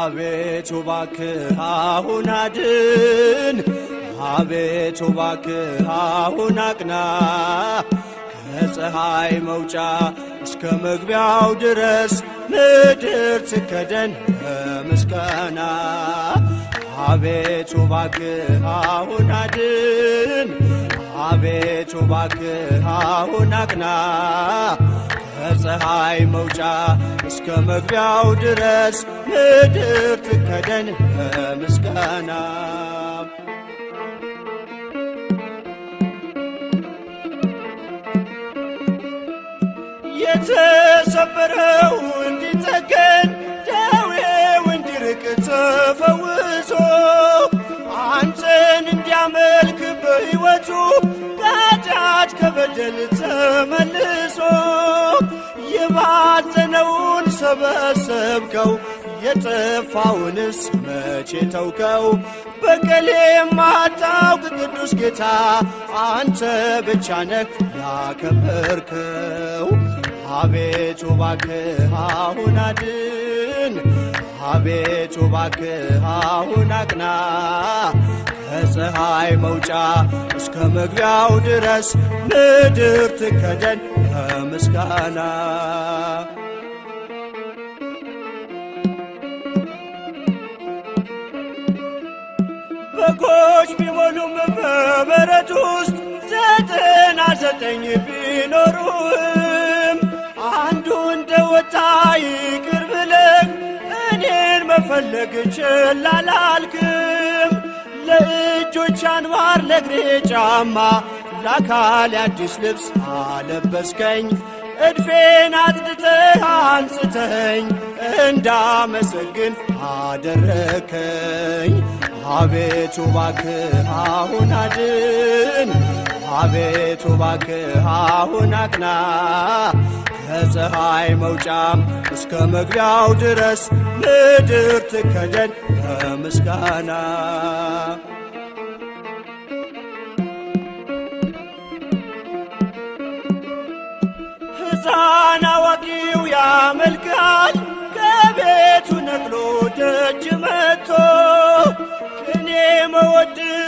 አቤቱ እባክህ አሁን አድን አቤቱ ባክ አሁን አቅና ከፀሐይ መውጫ እስከ መግቢያው ድረስ ምድር ትከደን በምስጋና። አቤቱ ባክ አሁን አድን። አቤቱ ባክ አሁን አቅና ከፀሐይ መውጫ እስከ መግቢያው ድረስ ምድር ትከደን በምስጋና። የተሰበረው እንዲጠገን ደዌው እንዲርቅ ተፈውሶ አንተን እንዲያመልክ በሕይወቱ ከኃጢአት ከበደል ተመልሶ የባዘነውን ሰበሰብከው የጠፋውንስ መቼ ተውከው? በቀል የማታውቅ ቅዱስ ጌታ አንተ ብቻ ነህ ያከበርከው። አቤቱ ባክህ አሁን አድን፣ አቤቱ ባክህ አሁን አቅና። ከፀሐይ መውጫ እስከ መግቢያው ድረስ ምድር ትከደን ከምስጋና። በጎች ቢሞሉም በበረት ውስጥ ዘጠና ዘጠኝ ቢኖሩ መፈለግ ችላላልክም ለእጆች አንባር ለግሬ ጫማ ለአካል አዲስ ልብስ አለበስከኝ። እድፌን አጽድተህ አንጽተኝ እንዳመሰግን አደረከኝ። አቤቱ ባክ አሁን አድን፣ አቤቱ ባክህ አሁን አቅና ከፀሐይ መውጫም እስከ መግቢያው ድረስ ምድር ትከደን ከምስጋና ሕፃን አዋቂው ያመልካል ከቤቱ ነቅሎ ደጅ መጥቶ እኔ መወድ